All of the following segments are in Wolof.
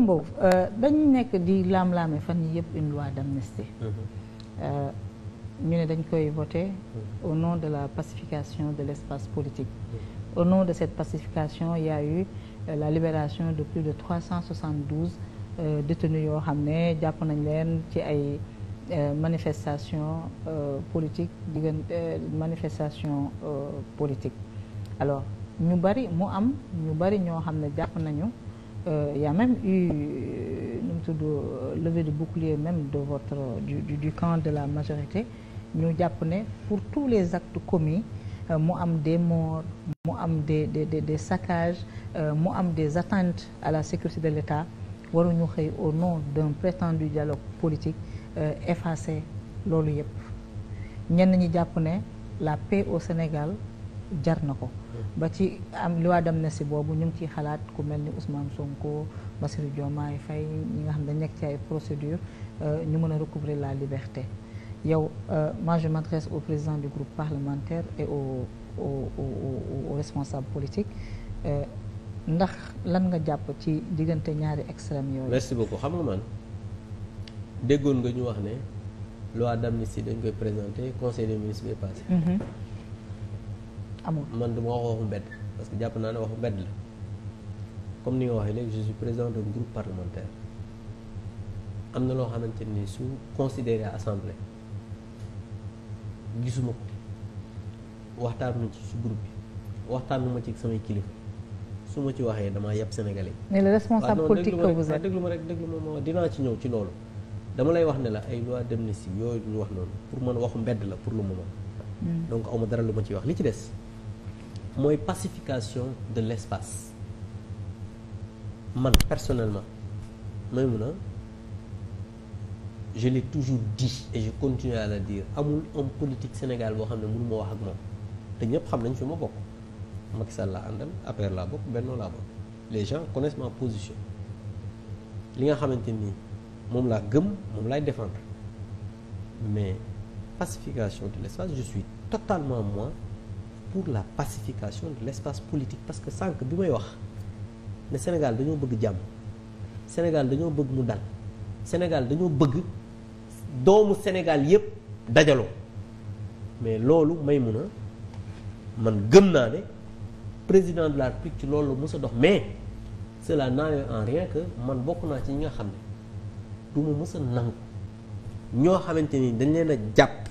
mboobu euh, dañ nekk di laam-laame fan yi yëpp une loi d'amnistie mhm. euh, ñu ne dañ koy voter mhm. au nom de la pacification de l'espace politique mhm. au nom de cette pacification il y euh, la libération de plus de 372 détenus yoo xam ne jàpp nañ leen ci ay manifestation politique diggante manifestation politique alors ñu bari mu am ñu bari ñoo xam ne jàpp nañu il euh, y a même eu euh, nu mu tudd euh, levée de bouclier même de votre du, du, camp de la majorité ñu jàpp ne pour tous les actes commis mu am des morts mu am des des des, des saccages mu am des atteintes à la sécurité de l'État waruñu xëy au nom d'un prétendu dialogue politique effacer loolu yépp ñenn ñi jàpp ne la paix au Sénégal jar na ko ba ci am loi d'amnistie boobu ñu ngi ciy xalaat ku mel ni Ousmane Sonko Bassirou Diomaye Faye ñi nga xam ne dañ nekk ci ay procédure euh, ñu mën a recouvrer la liberté yow euh, moi je au président du groupe parlementaire et au au au responsable politique euh, ndax lan nga jàpp ci diggante ñaari extrêmes yooyu. merci beaucoup xam nga man déggoon nga ñu wax ne loi d'amnistie dañ koy présenter conseil des ministres bi passé. Mm-hmm. amul. man du ma wax waxu mbedd parce que jàpp naa ne waxu mbedd la comme ni nga waxee léegi je suis président d'un groupe parlementaire am na loo xamante ni su considéré assemblée gisuma ko waxtaanu ci su groupe bi waxtaanu ma ci samay kilifa su ma ci waxee damaa yàpp sénégalais yi. mais le responsable politique que vous êtes déglu ma rek déglu ma dinaa ci ñëw ci loolu. dama lay wax ne la ay loi d'amnistie yooyu ñu wax noonu pour man waxu mbedd la pour le moment. Hmm. donc awma dara lu ma ciy wax li ci des. mooy pacification de l'espace man personnellement mooy mun a je l'ai toujours dit et je continue à le dire amul homme politique Sénégal boo xam ne mënu ma wax ak moom te ñëpp xam nañ fi ma bokk Macky Sall laa àndal APR laa bokk Benno laa bokk les gens connaissent ma position li nga xamante ni moom laa gëm moom laay défendre mais pacification de l'espace je suis totalement moi pour la pacification de l'espace politique parce que sànq bi may wax ne Sénégal dañoo bëgg jàmm Sénégal dañoo bëgg mu dal Sénégal dañoo bëgg doomu Sénégal yépp dajaloo mais loolu may mun a man gëm naa ne président de la République loolu mës a dox mais la n'a en rien que man bokk naa ci ñi nga xam ne du ma mës a nangu ñoo xamante ni dañ leen a jàpp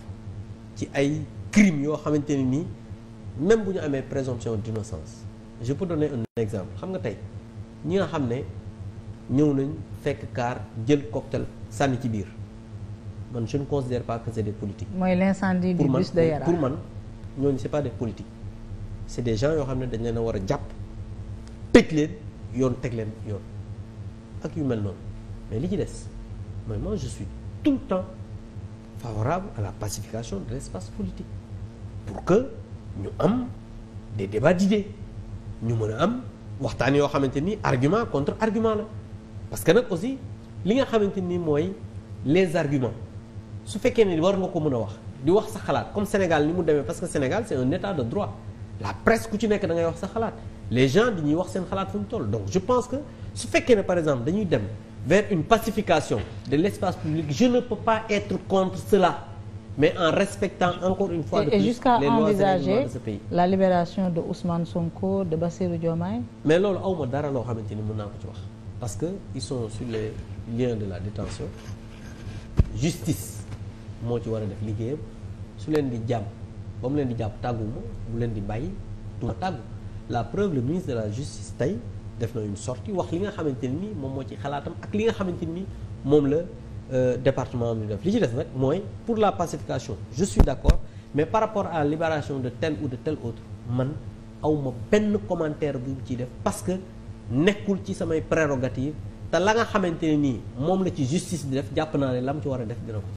ci ay crimes yoo xamante ni nii même bu ñu amee présomption d'innocence je peux donner un exemple xam nga tey ñi nga xam ne ñëw nañ fekk kaar jël cocktail sànni ci biir man je ne considère pas que c'est des politiques. mooy l'incendie du bus de Yara pour man ñooñu c'est pas des politiques c'est de gens yoo xam ne dañ leen a war a jàpp tëj leen yoon teg leen yoon ak yu mel noonu mais li ci des mooy moi je suis tout le temps favorable à la pacification de l'espace politique ñu am des débats d'idées ñu mën a am waxtaan yoo xamante ni argument contre argument la parce que nag aussi li nga xamante nii mooy les arguments su fekkee ne war nga ko mën a wax di wax sa xalaat comme Sénégal ni mu demee parce que Sénégal c'est un état de droit la presse ku ci nekk da ngay wax sa xalaat les gens dañuy wax seen xalaat fu ñu toll donc je pense que su fekkee ne par exemple dañuy dem vers une pacification de l'espace public je ne peux pas être mais en respectant encore une fois. de plus les lois et la libération de Ousmane Sonko de Bassirou Diomaye. mais loolu awma dara loo xamante ni mën naa ko ci wax. parce que ils sont sur les de la détention justice moo ci war a def liggéeyam su leen di jàmm ba mu leen di jàpp tàgguma bu leen di bàyyi du ma tàggu la preuve le ministre de la justice tey def na une sortie wax li nga xamante ni moom moo ci xalaatam ak li nga xamante ni moom la. Euh, département am ñu def li ci des nag mooy pour la pacification je suis d'accord mais par rapport à libération de tel ou de tel autre man awma benn commentaire bu ciy def parce que nekkul ci samay prérogatives te la nga xamante ne nii moom la ci justice di def jàpp naa ne lam ci war a def dina ko